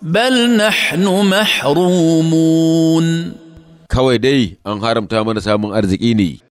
bal nahnu mahrumun kawai dai an haramta mana samun arziki ne